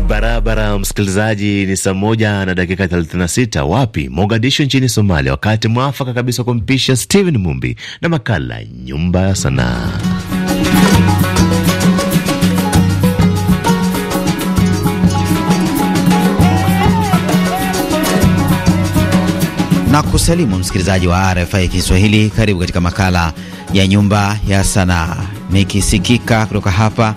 Barabara msikilizaji, ni saa moja na dakika 36 wapi Mogadishu nchini Somalia, wakati mwafaka kabisa kumpisha Steven Mumbi na makala nyumba ya sanaa. Na kusalimu msikilizaji wa RFI Kiswahili, karibu katika makala ya nyumba ya sanaa nikisikika kutoka hapa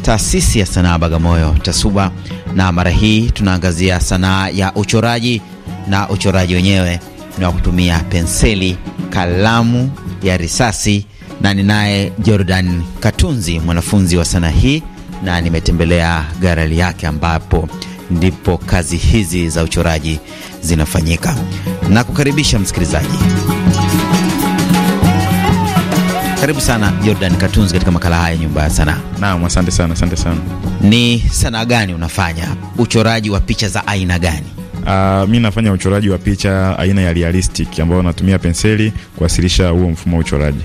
taasisi ya sanaa Bagamoyo TASUBA, na mara hii tunaangazia sanaa ya uchoraji, na uchoraji wenyewe ni wa kutumia penseli, kalamu ya risasi, na ninaye Jordan Katunzi, mwanafunzi wa sanaa hii, na nimetembelea garali yake ambapo ndipo kazi hizi za uchoraji zinafanyika. Nakukaribisha msikilizaji. Karibu sana Jordan Katunzi katika makala haya nyumba ya sanaa. Naam, asante sana, asante sana. Ni sanaa gani unafanya? Uchoraji wa picha za aina gani? Uh, mi nafanya uchoraji wa picha aina ya realistic ambao natumia penseli kuwasilisha huo mfumo wa uchoraji.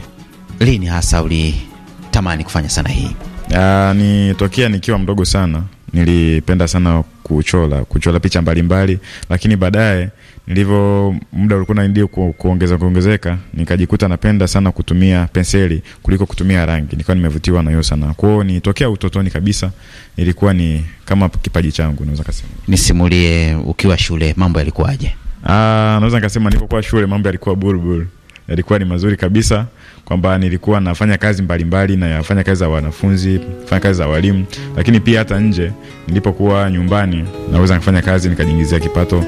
Lini hasa ulitamani kufanya sanaa hii? Uh, ah, nitokea nikiwa mdogo sana, nilipenda sana kuchola kuchola picha mbalimbali mbali. Lakini baadaye nilivyo muda ulikuwa ndio ku, kuongeza kuongezeka, nikajikuta napenda sana kutumia penseli kuliko kutumia rangi. nikawa nimevutiwa na hiyo sana. Kwa hiyo nitokea utotoni kabisa ilikuwa ni kama kipaji changu, naweza kusema. Nisimulie ukiwa shule mambo yalikuwaje? Ah, naweza nikasema nilipokuwa shule mambo yalikuwa bulbul yalikuwa ni mazuri kabisa, kwamba nilikuwa nafanya kazi mbalimbali mbali, na yafanya kazi za wanafunzi, fanya kazi za walimu, lakini pia hata nje nilipokuwa nyumbani naweza kufanya kazi nikajiingizia kipato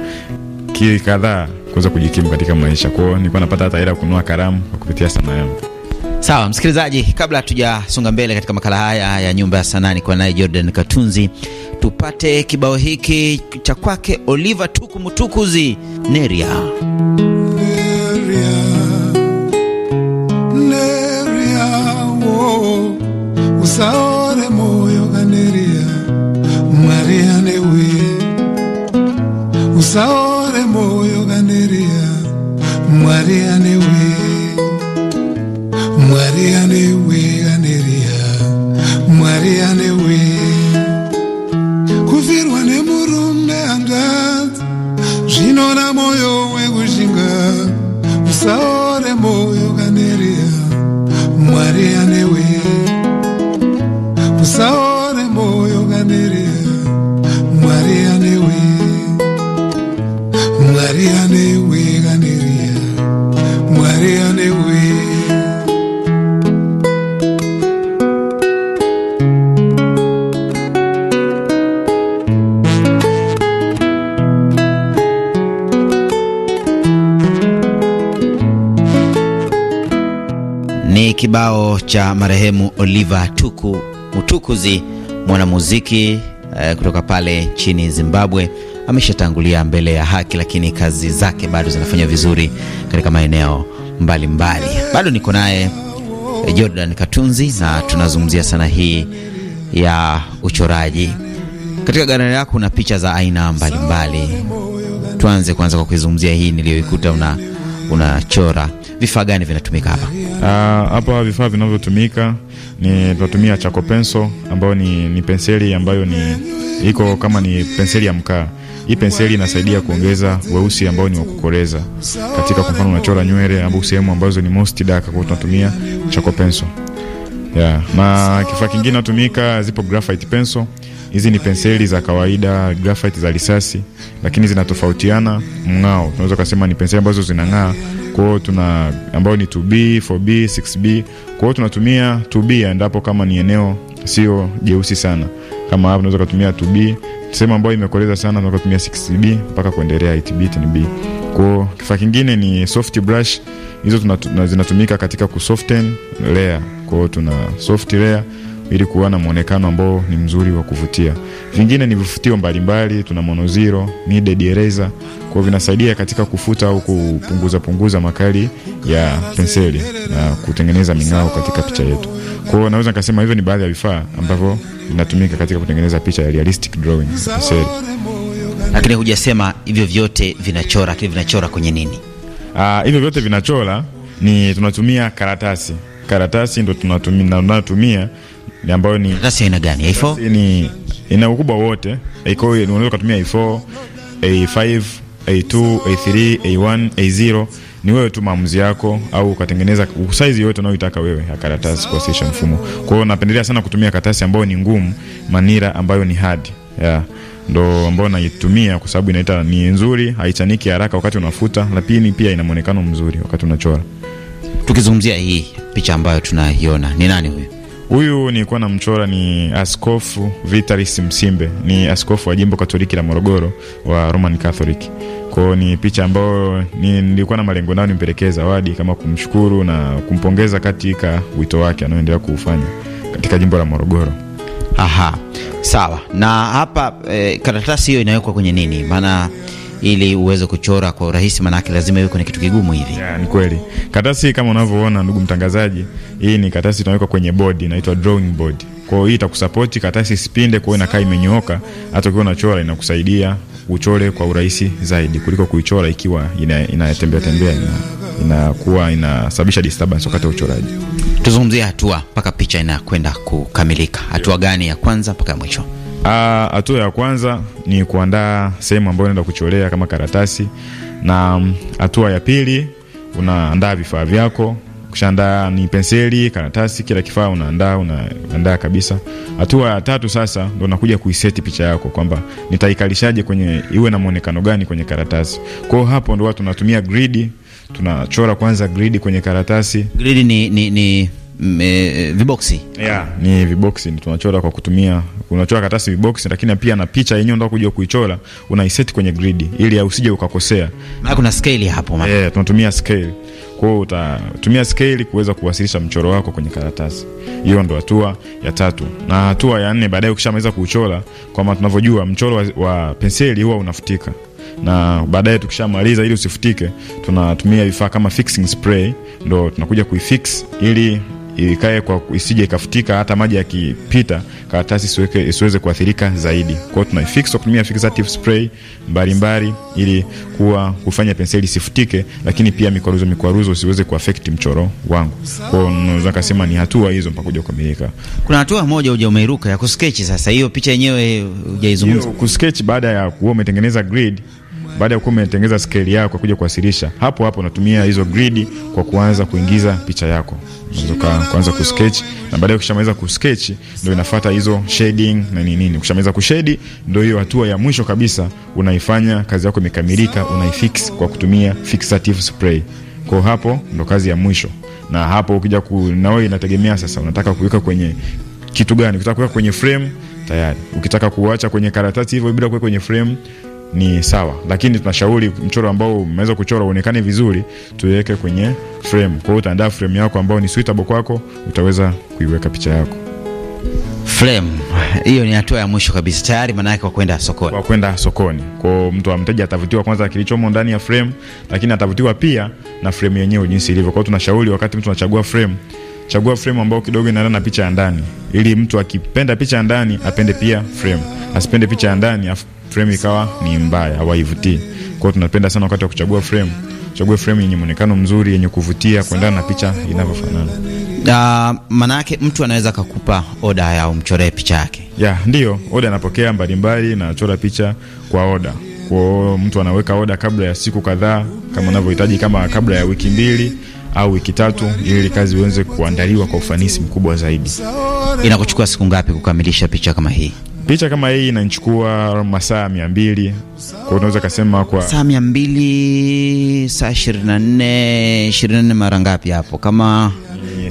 kadhaa kuweza kujikimu katika maisha. kwao. nilikuwa napata hata hela kunua kalamu kwa kupitia sanaa yangu. Sawa msikilizaji, kabla hatujasonga mbele katika makala haya ya nyumba ya sanaa, nikuwa naye Jordan Katunzi, tupate kibao hiki cha kwake Oliver Tukumutukuzi Neria. saore moyoganirira maria newe usaore moyoganirira maria newe maria newe ganeria, maria newe kibao cha marehemu Oliver Tuku Mutukuzi, mwanamuziki eh, kutoka pale nchini Zimbabwe. Ameshatangulia mbele ya haki, lakini kazi zake bado zinafanya vizuri katika maeneo mbalimbali. Bado niko naye eh, Jordan Katunzi na tunazungumzia sana hii ya uchoraji. Katika galari yako una picha za aina mbalimbali mbali. Tuanze kwanza kwa kuizungumzia hii niliyoikuta una unachora. Vifaa gani vinatumika hapa? Uh, hapa vifaa vinavyotumika ni tunatumia chako penso ambayo ni, ni penseli ambayo ni iko kama ni penseli ya mkaa. Hii penseli inasaidia kuongeza weusi ambao ni wa kukoleza katika, kwa mfano unachora nywele au sehemu ambazo ni most dark, kwa tunatumia chako penso yeah. Na kifaa kingine natumika, zipo graphite pencil. Hizi ni penseli za kawaida, graphite za risasi, lakini zinatofautiana mng'ao. Tunaweza kusema ni penseli ambazo zinang'aa. Kwa hiyo tuna ambayo ni 2B, 4B, 6B. Kwa hiyo tunatumia 2B endapo kama ni eneo sio jeusi sana. Kama hapo tunaweza kutumia 2B. Sehemu ambayo imekoleza sana tunaweza kutumia 6B mpaka kuendelea 8B, 10B. Kwa hiyo kifaa kingine ni soft brush hizo zinatumika katika kusoften layer. kwao tuna soft layer ili kuwa na muonekano ambao ni mzuri wa kuvutia. Vingine ni vifutio mbalimbali, tuna monozero, needed kwao kwa vinasaidia katika kufuta au kupunguza punguza makali ya penseli na kutengeneza ming'ao katika picha yetu. Kwa hiyo naweza nikasema hivyo ni baadhi ya vifaa ambavyo vinatumika katika kutengeneza picha ya realistic drawing Lakini hujasema hivyo vyote vinachora, lakini vinachora kwenye nini? Ah, hivyo uh, vyote vinachola ni tunatumia karatasi. Karatasi ndo tunatumia, tunatumia ambayo ni karatasi aina gani? A4 ni ina ukubwa wote, iko unaweza kutumia A4, A5, A2, A3, A1, A0 ni wewe tu maamuzi yako, au ukatengeneza size yoyote unayotaka wewe ya karatasi kuwasilisha mfumo. Kwa hiyo napendelea sana kutumia karatasi ambayo ni ngumu, manira ambayo ni hard yeah. Ndo ambao naitumia kwa sababu inaita ni nzuri, haichaniki haraka wakati unafuta, lakini pia ina muonekano mzuri wakati unachora. Tukizungumzia hii picha ambayo tunaiona, ni nani huyu? Huyu nilikuwa na mchora ni Askofu Vitalis Msimbe, ni askofu wa jimbo Katoliki la Morogoro wa Roman Catholic. Kwao ni picha ambayo nilikuwa na malengo nayo nimpelekee zawadi kama kumshukuru na kumpongeza katika wito wake anaoendelea kuufanya katika jimbo la Morogoro. Aha, sawa. Na hapa e, karatasi hiyo inawekwa kwenye nini? Maana ili uweze kuchora kwa urahisi, maanake lazima iwe kwenye kitu kigumu hivi. Yeah, ni kweli. Karatasi kama unavyoona, ndugu mtangazaji, hii ni karatasi tunaweka kwenye board, inaitwa drawing board. Kwa hiyo hii itakusapoti karatasi isipinde, kwa hiyo inakaa imenyooka, hata ukiwa unachora inakusaidia uchore kwa urahisi zaidi kuliko kuichora ikiwa inatembea ina tembea, inakuwa ina inasababisha disturbance wakati wa uchoraji tuzungumzie hatua mpaka picha inakwenda kukamilika. Hatua gani ya kwanza mpaka ya mwisho? Ah, hatua ya kwanza ni kuandaa sehemu ambayo unaenda kucholea kama karatasi, na mm, hatua ya pili unaandaa vifaa vyako. Ukishaandaa ni penseli, karatasi, kila kifaa unaandaa, unaandaa kabisa. Hatua ya tatu sasa ndo unakuja kuiseti picha yako kwamba nitaikalishaje kwenye iwe na muonekano gani kwenye karatasi. Kwa hiyo hapo ndo watu natumia gridi tunachora kwanza gridi kwenye karatasi. Gridi ni, ni, ni me, mm, eh, eh, viboksi yeah, ni viboksi tunachora kwa kutumia, unachora karatasi viboksi, lakini pia na picha yenyewe ndio kuja kuichora, unaiseti kwenye gridi ili usije ukakosea, maana kuna scale hapo maana. Yeah, tunatumia scale. Kwa hiyo utatumia scale kuweza kuwasilisha mchoro wako kwenye karatasi. Hiyo ndo hatua ya tatu, na hatua ya nne baadaye ukishamaliza kuuchora, kwa maana tunavyojua mchoro wa, wa penseli huwa unafutika na baadaye tukishamaliza, ili usifutike, tunatumia vifaa kama fixing spray, ndo tunakuja kuifix ili ikae kwa isije ikafutika, hata maji yakipita karatasi isiweze kuathirika zaidi. Kwa hiyo tunaifix kwa kutumia fixative spray mbalimbali ili kuwa kufanya penseli isifutike, lakini pia mikwaruzo mikwaruzo siweze kuaffect mchoro wangu. Kwa hiyo naweza kusema ni hatua hizo mpaka kuja kukamilika. Kuna hatua moja uja umeiruka ya kusketch. Sasa hiyo picha yenyewe hujaizungumza kusketch, baada ya kuwa umetengeneza grid baada ya kuwa umetengeza skeli yako kuja kuwasilisha, hapo hapo unatumia hizo gridi kwa kuanza kuingiza picha yako, unaweza kuanza kusketch, na baadaye ukishamaliza kusketch ndio inafuata hizo shading na nini nini. Ukishamaliza kushedi, ndio hiyo hatua ya mwisho kabisa unaifanya kazi yako imekamilika, unaifix kwa kutumia fixative spray. Kwa hapo ndo kazi ya mwisho, na hapo ukija ku, na wewe inategemea sasa unataka kuweka kwenye kitu gani. Ukitaka kuweka kwenye frame tayari, ukitaka kuacha kwenye karatasi hivyo bila kuweka kwenye frame ni sawa, lakini tunashauri mchoro ambao umeweza kuchora uonekane vizuri, tuweke kwenye frame. Kwa hiyo utaandaa frame yako ambao ni suitable kwako, utaweza kuiweka picha yako frame hiyo ni hatua ya mwisho kabisa tayari, maana yake kwa kwenda sokoni, kwa kwenda sokoni. Kwa mtu wa mteja atavutiwa kwanza kilichomo ndani ya frame, lakini atavutiwa pia na frame yenyewe jinsi ilivyo. Kwa hiyo tunashauri wakati mtu anachagua frame chagua frame ambayo kidogo inaenda na picha ya ndani, ili mtu akipenda picha ya ndani apende pia frame, asipende picha ya ndani frame ikawa ni mbaya au haivutii. Kwa hiyo tunapenda sana wakati wa kuchagua frame, chagua frame yenye muonekano mzuri, yenye kuvutia kuendana na picha inavyofanana. Uh, manake mtu anaweza akakupa oda ya umchoree picha yake. Yeah, ndio oda anapokea mbalimbali na nachora picha kwa oda kwao. Mtu anaweka oda kabla ya siku kadhaa kama anavyohitaji, kama kabla ya wiki mbili au wiki tatu, ili kazi iweze kuandaliwa kwa ufanisi mkubwa zaidi. Inakuchukua siku ngapi kukamilisha picha kama hii? Picha kama hii inanichukua masaa mia mbili kwa unaweza kasema kwa saa mia mbili saa ishirini na nne ishirini na nne mara ngapi hapo kama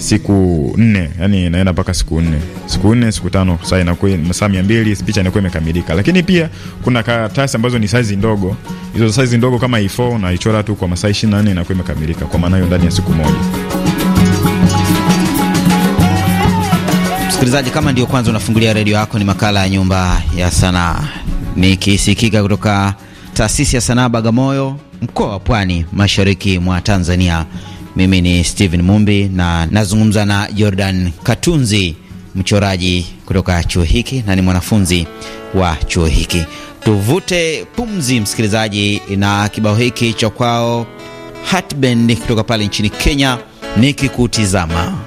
siku nne, yani inaenda mpaka siku nne, siku nne, siku tano, saa inakuwa saa mia mbili picha inakuwa imekamilika. Lakini pia kuna karatasi ambazo ni saizi ndogo, hizo saizi ndogo kama ifo 4 na ichora tu kwa masaa nne inakuwa imekamilika, kwa maana hiyo ndani ya siku moja. Msikilizaji, kama ndio kwanza unafungulia redio yako, ni makala ya Nyumba ya Sanaa nikisikika kutoka Taasisi ya Sanaa Bagamoyo, mkoa wa Pwani, mashariki mwa Tanzania. Mimi ni Steven Mumbi na nazungumza na Jordan Katunzi, mchoraji kutoka chuo hiki na ni mwanafunzi wa chuo hiki. Tuvute pumzi, msikilizaji, na kibao hiki cha kwao Heartbend kutoka pale nchini Kenya, nikikutizama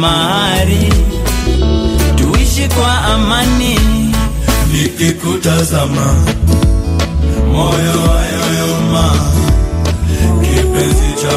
mahari, tuishi kwa amani. Nikikutazama moyo wayoyoma, kipenzi cha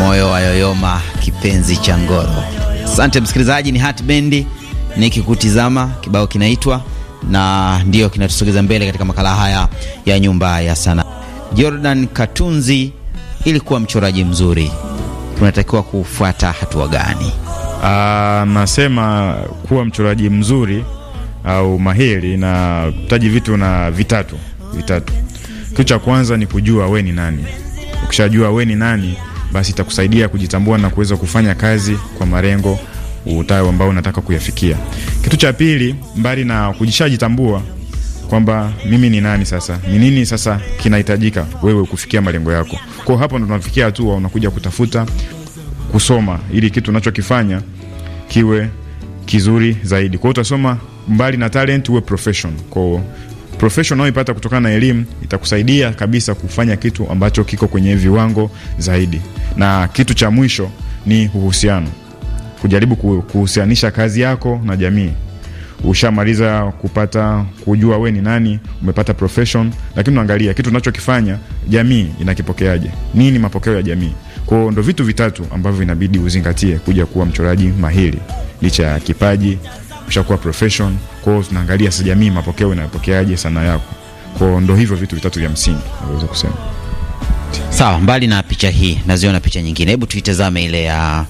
moyo wa yoyoma kipenzi cha ngoro. Asante msikilizaji, ni Hatbendi nikikutizama kibao kinaitwa na ndiyo kinatusogeza mbele katika makala haya ya nyumba ya sanaa. Jordan Katunzi, ili kuwa mchoraji mzuri tunatakiwa kufuata hatua gani? Aa, ah, nasema kuwa mchoraji mzuri au mahiri na taji vitu na vitatu vitatu. Kitu cha kwanza ni kujua we ni nani. Ukishajua we ni nani basi itakusaidia kujitambua na kuweza kufanya kazi kwa marengo utayo ambao unataka kuyafikia. Kitu cha pili, mbali na kujishajitambua kwamba mimi ni nani sasa, ni nini sasa kinahitajika wewe kufikia malengo yako. Kwa hapo ndo tunafikia hatua unakuja kutafuta kusoma, ili kitu unachokifanya kiwe kizuri zaidi. Kwa utasoma mbali na talent uwe profession. Kwa Profession unayoipata kutokana na elimu itakusaidia kabisa kufanya kitu ambacho kiko kwenye viwango zaidi. Na kitu cha mwisho ni uhusiano, kujaribu kuhusianisha kazi yako na jamii. Ushamaliza kupata kujua we ni nani, umepata profession, lakini unaangalia kitu unachokifanya jamii inakipokeaje, nini mapokeo ya jamii. kwao ndo vitu vitatu ambavyo inabidi uzingatie kuja kuwa mchoraji mahili licha ya kipaji ushakuwa profession. Kwa hiyo tunaangalia sasa jamii mapokeo inayopokeaje sana yako. Kwa hiyo ndo hivyo vitu vitatu vya msingi naweza kusema. Sawa, mbali na picha hii naziona picha nyingine. Hebu tuitazame ile ya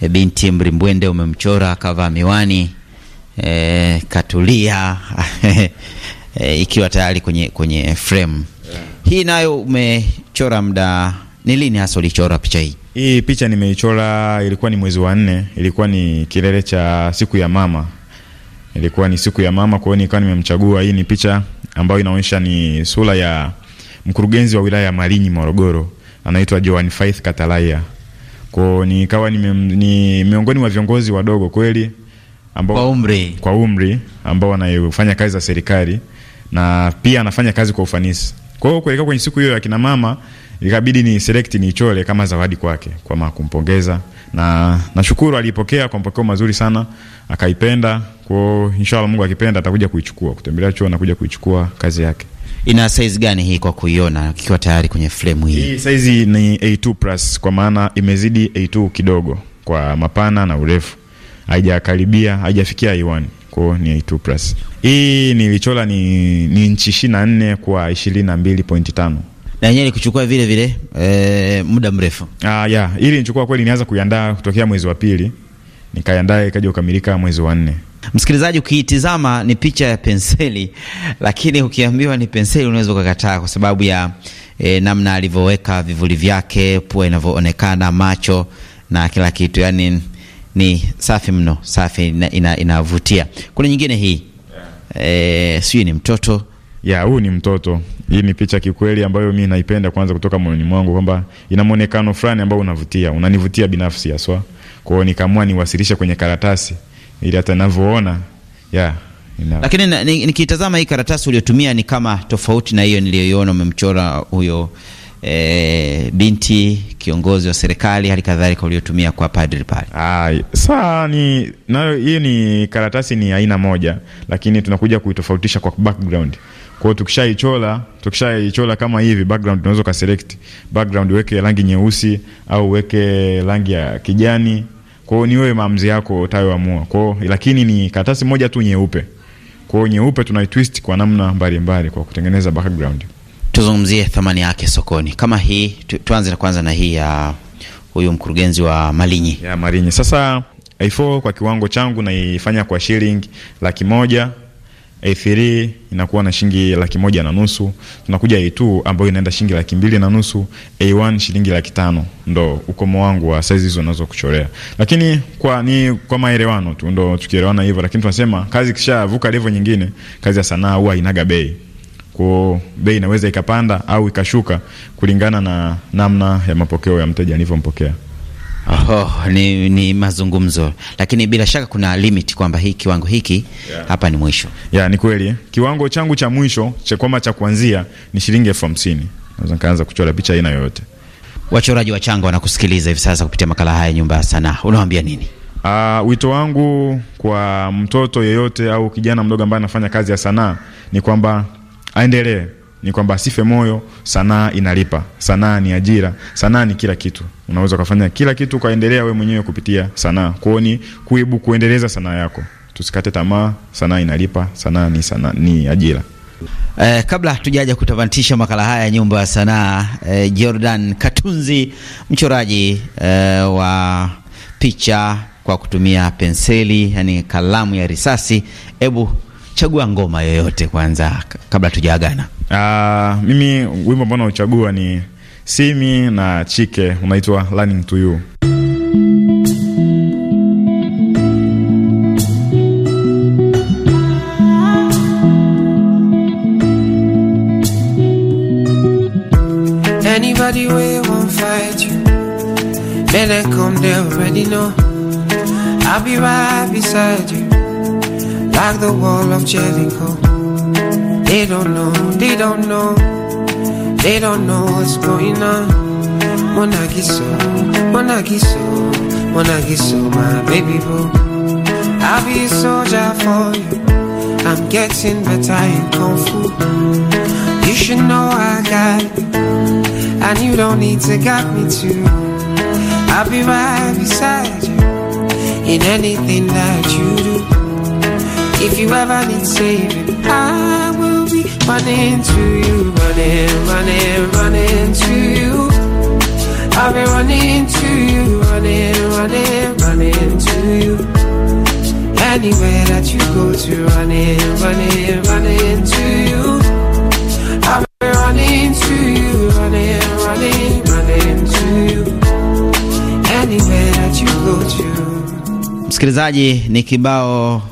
eh, binti Mrimbwende, umemchora akavaa miwani e, katulia e, ikiwa tayari kwenye kwenye frame hii nayo umechora muda, ni lini hasa ulichora picha hii? Hii picha nimeichora, ilikuwa ni mwezi wa nne, ilikuwa ni kilele cha siku ya mama ilikuwa ni siku ya mama, kwa hiyo nikawa nimemchagua. Hii ni picha ambayo inaonyesha ni sura ya mkurugenzi wa wilaya ya Malinyi Morogoro, anaitwa Joan Faith Katalaya. Kwa nikawa ni, ni miongoni mwa viongozi wadogo kweli ambao kwa umri, kwa umri ambao wanayofanya kazi za serikali na pia anafanya kazi kwa ufanisi. Kwa hiyo kuelekea kwenye siku hiyo ya kina mama ikabidi ni select ni chole kama zawadi kwake kwa kumpongeza, na nashukuru alipokea kwa mapokeo mazuri sana, akaipenda. Kwa inshallah Mungu akipenda atakuja kuichukua kutembelea chuo na kuja kuichukua kazi yake. Ina size gani hii kwa kuiona kikiwa tayari kwenye frame hii? Hii size ni A2 plus kwa maana imezidi A2 kidogo kwa mapana na urefu. Haijakaribia, haijafikia A1. Kwa ni A2 plus. Hii nilichola ni, ni inchi 24 kwa 22.5 na yenyewe kuchukua vile vile e, muda mrefu. Ah, yeah, ili nichukua kweli nianza kuiandaa kutokea mwezi wa pili nikaiandaa ikaja kukamilika mwezi wa nne. Msikilizaji, ukiitizama ni picha ya penseli, lakini ukiambiwa ni penseli unaweza ukakataa kwa sababu ya e, namna alivyoweka vivuli vyake, pua inavyoonekana, macho na kila kitu, yaani ni safi mno, safi inavutia. Ina, ina kuna nyingine hii e, sijui ni mtoto ya yeah, ni mtoto hii ni picha kikweli ambayo mi naipenda kwanza kutoka moyoni mwangu kwamba ina muonekano fulani ambao unavutia, unanivutia binafsi haswa. kwao nikaamua niwasilishe kwenye karatasi ili hata ninavyoona yeah, ina... Lakini nikitazama hii karatasi uliotumia ni kama tofauti na hiyo niliyoiona umemchora huyo E, binti kiongozi wa serikali hali kadhalika uliotumia kwa padri pale. Ah, saa ni nayo hii ni karatasi ni aina moja, lakini tunakuja kuitofautisha kwa background. Kwa hiyo tukishaichora, kama hivi background unaweza ka select background, weke rangi nyeusi au weke rangi ya kijani. Kwa hiyo ni wewe maamuzi yako utayoamua. Kwa hiyo lakini ni karatasi moja tu nyeupe. Kwa hiyo nyeupe tunaitwist kwa namna mbalimbali mbali, kwa kutengeneza background. Tuzungumzie thamani yake sokoni kama hii tu, tuanze na kwanza na hii ya huyu mkurugenzi wa Malinyi ya Malinyi. Sasa i 4 kwa kiwango changu naifanya kwa shilling laki moja A3 inakuwa na shilingi laki moja na nusu. Tunakuja A2 ambayo inaenda shilingi laki mbili na nusu, A1 shilingi laki tano. Ndo ukomo wangu wa size hizo unaweza kuchorea, lakini kwa ni kwa maelewano tu, ndo tukielewana hivyo. Lakini tunasema kazi kishavuka level nyingine, kazi ya sanaa huwa inaga bei kwa bei inaweza ikapanda au ikashuka kulingana na namna ya mapokeo ya mteja alivyompokea. Oh, ni, ni mazungumzo lakini bila shaka kuna limit kwamba hii kiwango hiki yeah, hapa ni mwisho yeah, ni kweli eh? Kiwango changu cha mwisho cha kwamba cha kuanzia ni shilingi elfu hamsini naweza nikaanza kuchora picha aina yoyote. Wachoraji wa changa wanakusikiliza hivi sasa kupitia makala haya Nyumba ya Sanaa, unawaambia nini? Uh, wito wangu kwa mtoto yeyote au kijana mdogo ambaye anafanya kazi ya sanaa ni kwamba aendelee ni kwamba asife moyo. Sanaa inalipa, sanaa ni ajira, sanaa ni kila kitu. Unaweza ukafanya kila kitu ukaendelea we mwenyewe kupitia sanaa. Kwao ni kuibu, kuendeleza sanaa yako. Tusikate tamaa, sanaa inalipa, sanaa ni, sana, ni ajira. Eh, kabla hatujaja kutamatisha makala haya ya nyumba ya sanaa eh, Jordan Katunzi mchoraji eh, wa picha kwa kutumia penseli, yani kalamu ya risasi, hebu chagua ngoma yoyote kwanza kabla tujaagana. Uh, mimi wimbo ambao nauchagua ni Simi na Chike unaitwa Learning to You. Then I come, there already know I'll be right beside you like the wall of Jericho. They don't know, they don't know, they don't know what's going on. Monagiso, Monagiso, Monagiso, my baby boy. I'll be a soldier for you. I'm getting better in Kung Fu. You should know I got it. And you don't need to guide me too. I'll be right beside you in anything that you do. If you ever need saving, I will be running to you, running, running, running to you. I'll be running to you, running, running, running to you. Anywhere that you go to, running, running, running to you. I'll be running to you, running, running, running to you. Anywhere that you go to. Msikilizaji ni kibao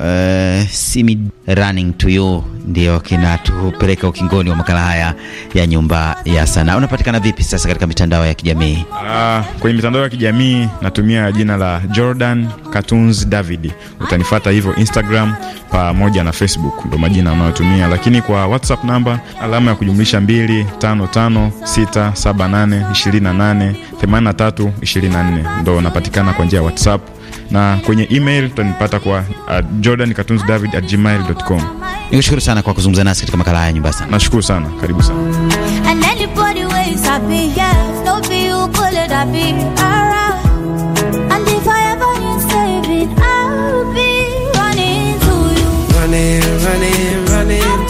uh, simi running to you ndio kinatupeleka ukingoni wa makala haya ya nyumba ya sanaa. Unapatikana vipi sasa katika mitandao ya kijamii? Ah, kwenye mitandao ya kijamii natumia jina la Jordan Cartoons David. Utanifata hivyo Instagram pamoja na Facebook, ndio majina unayotumia, lakini kwa WhatsApp namba alama ya kujumlisha 255678288324 ndio unapatikana kwa njia ya WhatsApp na kwenye email tutanipata kwa uh, jordankatunzdavid@gmail.com. Nikushukuru sana kwa kuzungumza nasi katika makala haya nyumba sana. Nashukuru sana, karibu sana.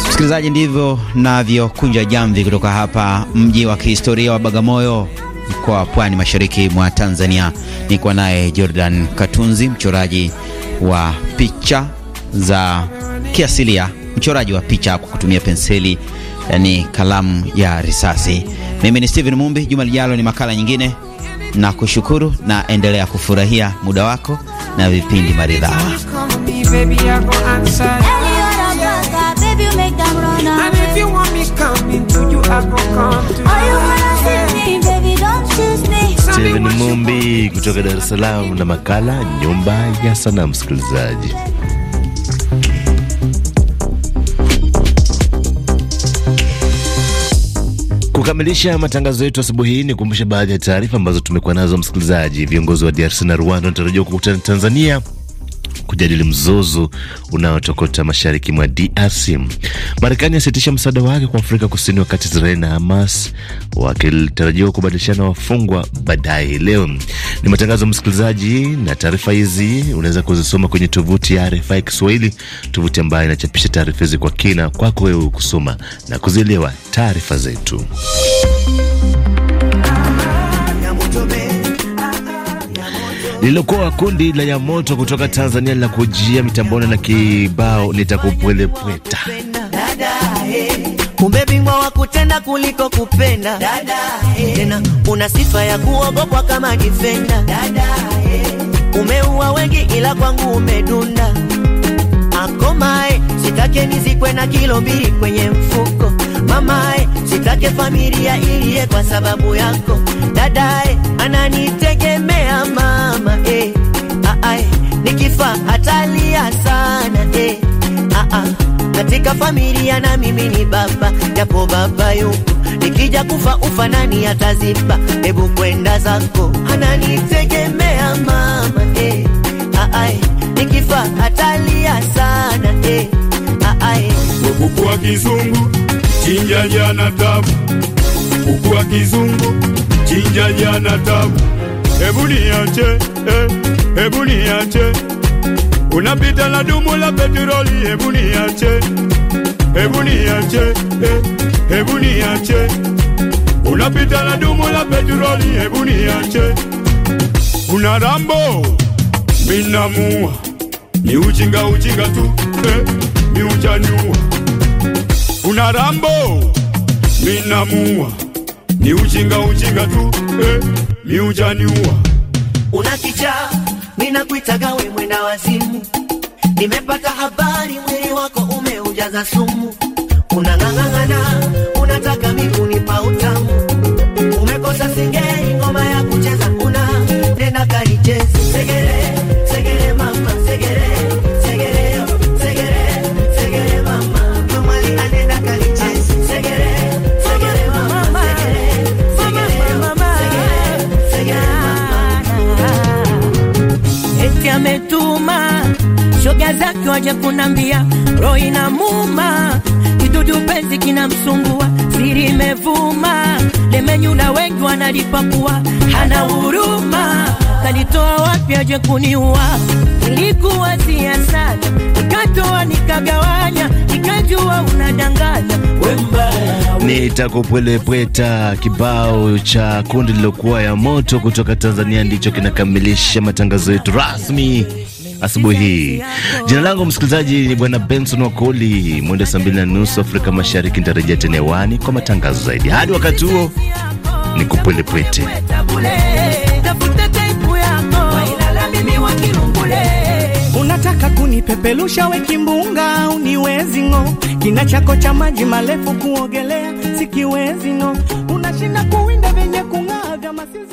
Msikilizaji, ndivyo navyokunja jamvi kutoka hapa mji wa kihistoria wa Bagamoyo mkoa wa Pwani mashariki mwa Tanzania. Niko naye Jordan Katunzi, mchoraji wa picha za kiasilia, mchoraji wa picha kwa kutumia penseli, yani kalamu ya risasi. Mimi ni Steven Mumbi. Juma lijalo ni makala nyingine, na kushukuru na endelea kufurahia muda wako na vipindi maridhawa. Steven Mumbi kutoka Dar es Salaam na makala Nyumba ya Sanaa. Msikilizaji, kukamilisha matangazo yetu asubuhi hii, ni kukumbusha baadhi ya taarifa ambazo tumekuwa nazo msikilizaji. Viongozi wa DRC na Rwanda wanatarajiwa kukutana Tanzania kujadili mzozo unaotokota mashariki mwa DRC. Marekani yasitisha msaada wake kwa Afrika Kusini, wakati Israel na Hamas wakitarajiwa kubadilishana wafungwa baadaye leo. Ni matangazo msikilizaji, na taarifa hizi unaweza kuzisoma kwenye tovuti ya RFI Kiswahili, tovuti ambayo inachapisha taarifa hizi kwa kina, kwako wewe kusoma na kuzielewa taarifa zetu. lililokuwa kundi la Yamoto kutoka Tanzania la kujia mitamboni na kibao nitakupwelepweta. Eh. Kumbe bingwa wa kutenda kuliko kupenda dada, eh. Tena una sifa ya kuogopwa kama difenda dada, eh. Umeua wengi ila kwangu umedunda akomae, sitake nizikwe na kilo mbili kwenye mfuko mamae, sitake familia iliye kwa sababu yako. Dadae ananitegemea mama eh, ae, ah, ah, nikifa atalia sana eh, aa, ah, katika familia na mimi ni baba, japo baba yuko nikija kufa ufa nani ataziba? Hebu kwenda zako, ananitegemea mama eh, ae, nikifa atalia sana eh, kwa kizungu chinja jana tabu, kuku wa kizungu chinja jana tabu. Hebu niache eh, hebu niache, unapita na dumu la petroli. Hebu niache, hebu niache eh, hebu niache, unapita na dumu la petroli. Hebu niache, una rambo minamua, ni ujinga ujinga tu eh, ni uchanua una rambo minamua ni ujinga ujinga tu eh, miujaniua una kichaa ninakuitaga we mwenda wazimu nimepata habari mwili wako umeujaza sumu unang'ang'ang'ana unataka pa utamu umekosa singeli ngoma ya kucheza una tena kanichezi segele zake waja kunambia, roho inamuma, kidudu penzi kinamsungua, siri imevuma, lemenyula wengi wanalipakua, hana huruma, kalitoa wapi aje kuniua? Nilikuwazia siasa nikatoa nikagawanya, nikajua unadanganya ni kibao cha kundi lilokuwa ya moto kutoka Tanzania ndicho kinakamilisha matangazo yetu rasmi asubuhi hii. Jina langu msikilizaji ni Bwana Benson Wakoli. Mwendo saa mbili na nusu Afrika Mashariki nitarejea tena hewani kwa matangazo zaidi. Hadi wakati huo, ni kupwelepwete Unataka kunipepelusha we kimbunga, uniwezi ng'o. Kina chako cha maji marefu kuogelea, sikiwezi ng'o. Unashinda kuwinda vyenye kung'aa vya